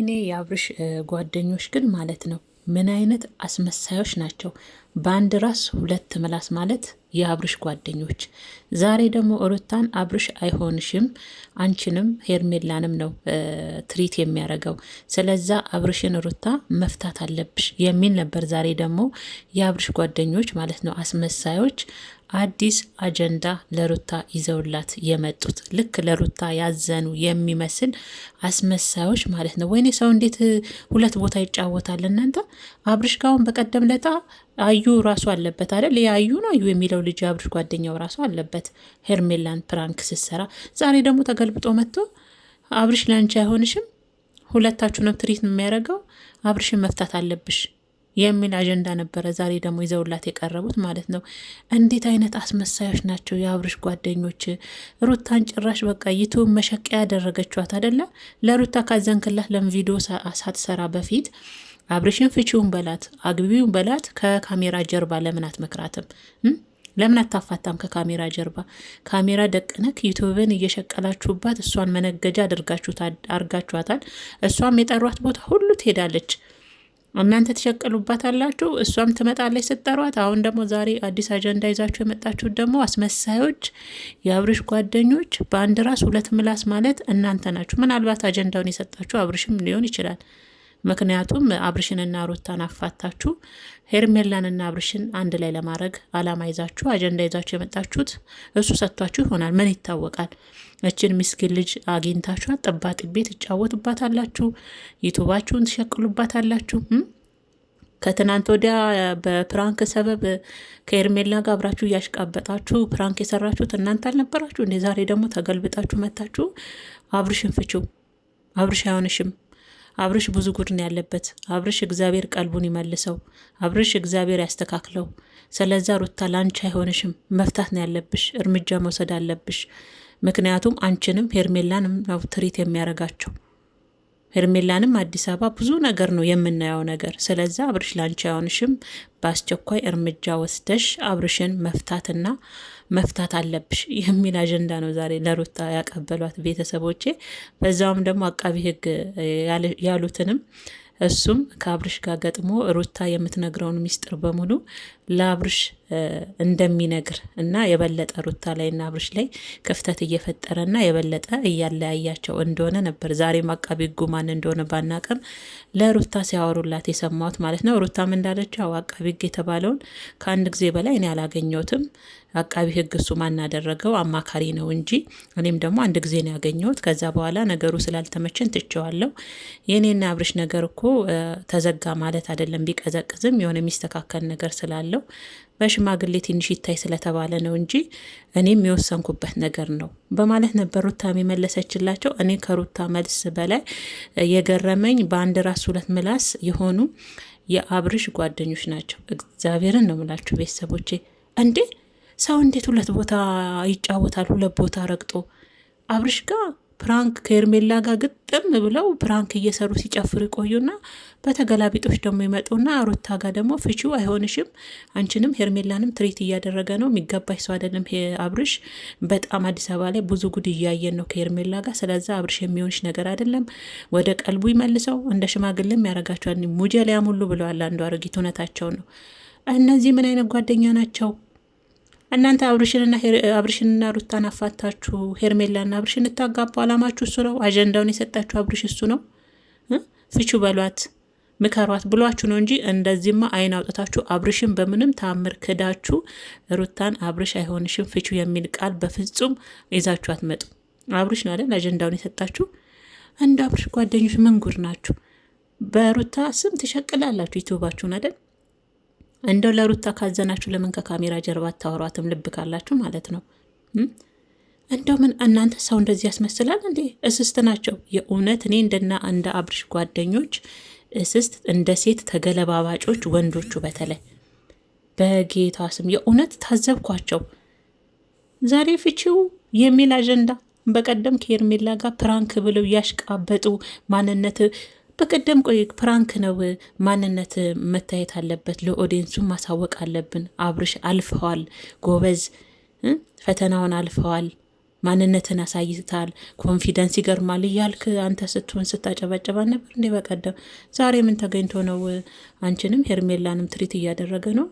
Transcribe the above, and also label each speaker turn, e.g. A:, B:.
A: እኔ የአብርሽ ጓደኞች ግን ማለት ነው ምን አይነት አስመሳዮች ናቸው? በአንድ ራስ ሁለት ምላስ ማለት የአብርሽ ጓደኞች። ዛሬ ደግሞ ሩታን አብርሽ አይሆንሽም፣ አንቺንም ሄርሜላንም ነው ትሪት የሚያደርገው። ስለዛ አብርሽን ሩታ መፍታት አለብሽ የሚል ነበር። ዛሬ ደግሞ የአብርሽ ጓደኞች ማለት ነው አስመሳዮች አዲስ አጀንዳ ለሩታ ይዘውላት የመጡት ልክ ለሩታ ያዘኑ የሚመስል አስመሳዮች ማለት ነው። ወይኔ ሰው እንዴት ሁለት ቦታ ይጫወታል? እናንተ አብርሽ ጋውን በቀደም ለጣ አዩ ራሱ አለበት አይደል? የአዩ ነው አዩ የሚለው ልጅ አብርሽ ጓደኛው ራሱ አለበት ሄርሜላን ፕራንክ ስትሰራ። ዛሬ ደግሞ ተገልብጦ መጥቶ አብርሽ ለአንቺ አይሆንሽም፣ ነው ትሪት የሚያደርገው አብርሽን መፍታት አለብሽ የሚል አጀንዳ ነበረ ዛሬ ደግሞ ይዘውላት የቀረቡት ማለት ነው። እንዴት አይነት አስመሳዮች ናቸው የአብርሽ ጓደኞች! ሩታን ጭራሽ በቃ ይቱ መሸቀያ ያደረገችዋት አደለ? ለሩታ ካዘንክላት ለም ቪዲዮ ሳትሰራ በፊት አብርሽን ፍቺውን በላት አግቢውን በላት ከካሜራ ጀርባ ለምን አትመክራትም? ለምን አታፋታም? ከካሜራ ጀርባ ካሜራ ደቅነክ ዩቱብን እየሸቀላችሁባት እሷን መነገጃ አድርጋችኋታል። እሷም የጠሯት ቦታ ሁሉ ትሄዳለች። እናንተ ትሸቅሉባታላችሁ፣ እሷም ትመጣለች ስጠሯት። አሁን ደግሞ ዛሬ አዲስ አጀንዳ ይዛችሁ የመጣችሁት ደግሞ አስመሳዮች፣ የአብርሽ ጓደኞች፣ በአንድ ራስ ሁለት ምላስ ማለት እናንተ ናችሁ። ምናልባት አጀንዳውን የሰጣችሁ አብርሽም ሊሆን ይችላል። ምክንያቱም አብርሽንና ሩታን አፋታችሁ ሄርሜላንና አብርሽን አንድ ላይ ለማድረግ አላማ ይዛችሁ አጀንዳ ይዛችሁ የመጣችሁት እሱ ሰጥቷችሁ ይሆናል። ምን ይታወቃል? እችን ሚስኪን ልጅ አግኝታችሁ አጠባጥቤ ትጫወቱባታላችሁ፣ ዩቱባችሁን ትሸቅሉባታላችሁ። ከትናንት ወዲያ በፕራንክ ሰበብ ከኤርሜላ ጋር አብራችሁ እያሽቃበጣችሁ ፕራንክ የሰራችሁት እናንተ አልነበራችሁ እንደ ዛሬ ደግሞ ተገልብጣችሁ መታችሁ አብርሽን ፍቺው። አብርሽ አይሆንሽም። አብርሽ ብዙ ጉድን ያለበት። አብርሽ እግዚአብሔር ቀልቡን ይመልሰው። አብርሽ እግዚአብሔር ያስተካክለው። ስለዛ ሩታ ለአንቺ አይሆንሽም፣ መፍታት ነው ያለብሽ፣ እርምጃ መውሰድ አለብሽ። ምክንያቱም አንቺንም ሄርሜላንም ነው ትሪት የሚያረጋቸው። ሄርሜላንም አዲስ አበባ ብዙ ነገር ነው የምናየው ነገር። ስለዛ አብርሽ ላንቺ አይሆንሽም። በአስቸኳይ እርምጃ ወስደሽ አብርሽን መፍታትና መፍታት አለብሽ የሚል አጀንዳ ነው ዛሬ ለሩታ ያቀበሏት ቤተሰቦቼ። በዛውም ደግሞ አቃቢ ሕግ ያሉትንም እሱም ከአብርሽ ጋር ገጥሞ ሩታ የምትነግረውን ሚስጥር በሙሉ ለአብርሽ እንደሚነግር እና የበለጠ ሩታ ላይና አብርሽ ላይ ክፍተት እየፈጠረና የበለጠ እያለያያቸው እንደሆነ ነበር። ዛሬም አቃቢ ሕጉ ማን እንደሆነ ባናቅም ለሩታ ሲያወሩላት የሰማሁት ማለት ነው። ሩታም እንዳለችው አቃቢ ህግ የተባለውን ከአንድ ጊዜ በላይ እኔ አላገኘሁትም። አቃቢ ህግ እሱ ማናደረገው አማካሪ ነው እንጂ እኔም ደግሞ አንድ ጊዜ ነው ያገኘሁት። ከዛ በኋላ ነገሩ ስላልተመቸን ትቸዋለሁ። የእኔና አብርሽ ነገር እኮ ተዘጋ ማለት አይደለም። ቢቀዘቅዝም የሆነ የሚስተካከል ነገር ስላለው በሽማግሌ ትንሽ ይታይ ስለተባለ ነው እንጂ እኔም የወሰንኩበት ነገር ነው በማለት ነበር ሩታ የመለሰችላቸው። እኔ ከሩታ መልስ በላይ የገረመኝ በአንድ ራስ ሁለት ምላስ የሆኑ የአብርሽ ጓደኞች ናቸው። እግዚአብሔርን ነው ምላችሁ ቤተሰቦቼ። እንዴ ሰው እንዴት ሁለት ቦታ ይጫወታል? ሁለት ቦታ ረግጦ አብርሽ ጋር ፕራንክ ከኤርሜላ ጋር ግጥም ብለው ፕራንክ እየሰሩ ሲጨፍሩ ይቆዩና በተገላቢጦች ደግሞ ይመጡና ሩታ ጋር ደግሞ ፍቺው አይሆንሽም፣ አንቺንም ሄርሜላንም ትሪት እያደረገ ነው የሚገባሽ ሰው አይደለም አብርሽ። በጣም አዲስ አበባ ላይ ብዙ ጉድ እያየን ነው ከሄርሜላ ጋር። ስለዚ አብርሽ የሚሆንሽ ነገር አይደለም፣ ወደ ቀልቡ ይመልሰው፣ እንደ ሽማግሌም ያረጋቸዋል። ሙጀ ሊያሙሉ ብለዋል። አንዱ አሮጊት እውነታቸው ነው። እነዚህ ምን አይነት ጓደኛ ናቸው? እናንተ አብርሽንና ሩታን አፋታችሁ ሄርሜላና አብርሽን እንታጋቡ አላማችሁ እሱ ነው። አጀንዳውን የሰጣችሁ አብርሽ እሱ ነው። ፍቹ በሏት ምከሯት ብሏችሁ ነው እንጂ እንደዚህማ አይን አውጥታችሁ አብርሽን በምንም ታምር ክዳችሁ ሩታን አብርሽ አይሆንሽም ፍቹ የሚል ቃል በፍጹም ይዛችሁ አትመጡ። አብርሽ ነው አይደል አጀንዳውን የሰጣችሁ። እንደ አብርሽ ጓደኞች ምንጉር ናችሁ? በሩታ ስም ትሸቅላላችሁ ዩቱባችሁን አይደል እንደው ለሩታ ካዘናችሁ ለምን ከካሜራ ጀርባ አታወሯትም? ልብ ካላችሁ ማለት ነው። እንደው ምን እናንተ ሰው እንደዚህ ያስመስላል እንዴ? እስስት ናቸው የእውነት እኔ እንደና እንደ አብርሽ ጓደኞች እስስት እንደ ሴት ተገለባባጮች ወንዶቹ በተለይ በጌታ ስም የእውነት ታዘብኳቸው። ዛሬ ፍቺው የሚል አጀንዳ በቀደም ከኤርሜላ ጋር ፕራንክ ብለው ያሽቃበጡ ማንነት በቀደም ቆይ ፕራንክ ነው ማንነት መታየት አለበት፣ ለኦዲንሱ ማሳወቅ አለብን። አብርሽ አልፈዋል፣ ጎበዝ ፈተናውን አልፈዋል፣ ማንነትን አሳይታል፣ ኮንፊደንስ ይገርማል እያልክ አንተ ስትሆን ስታጨበጨባ ነበር እንዴ? በቀደም ዛሬ ምን ተገኝቶ ነው? አንቺንም ሄርሜላንም ትሪት እያደረገ ነው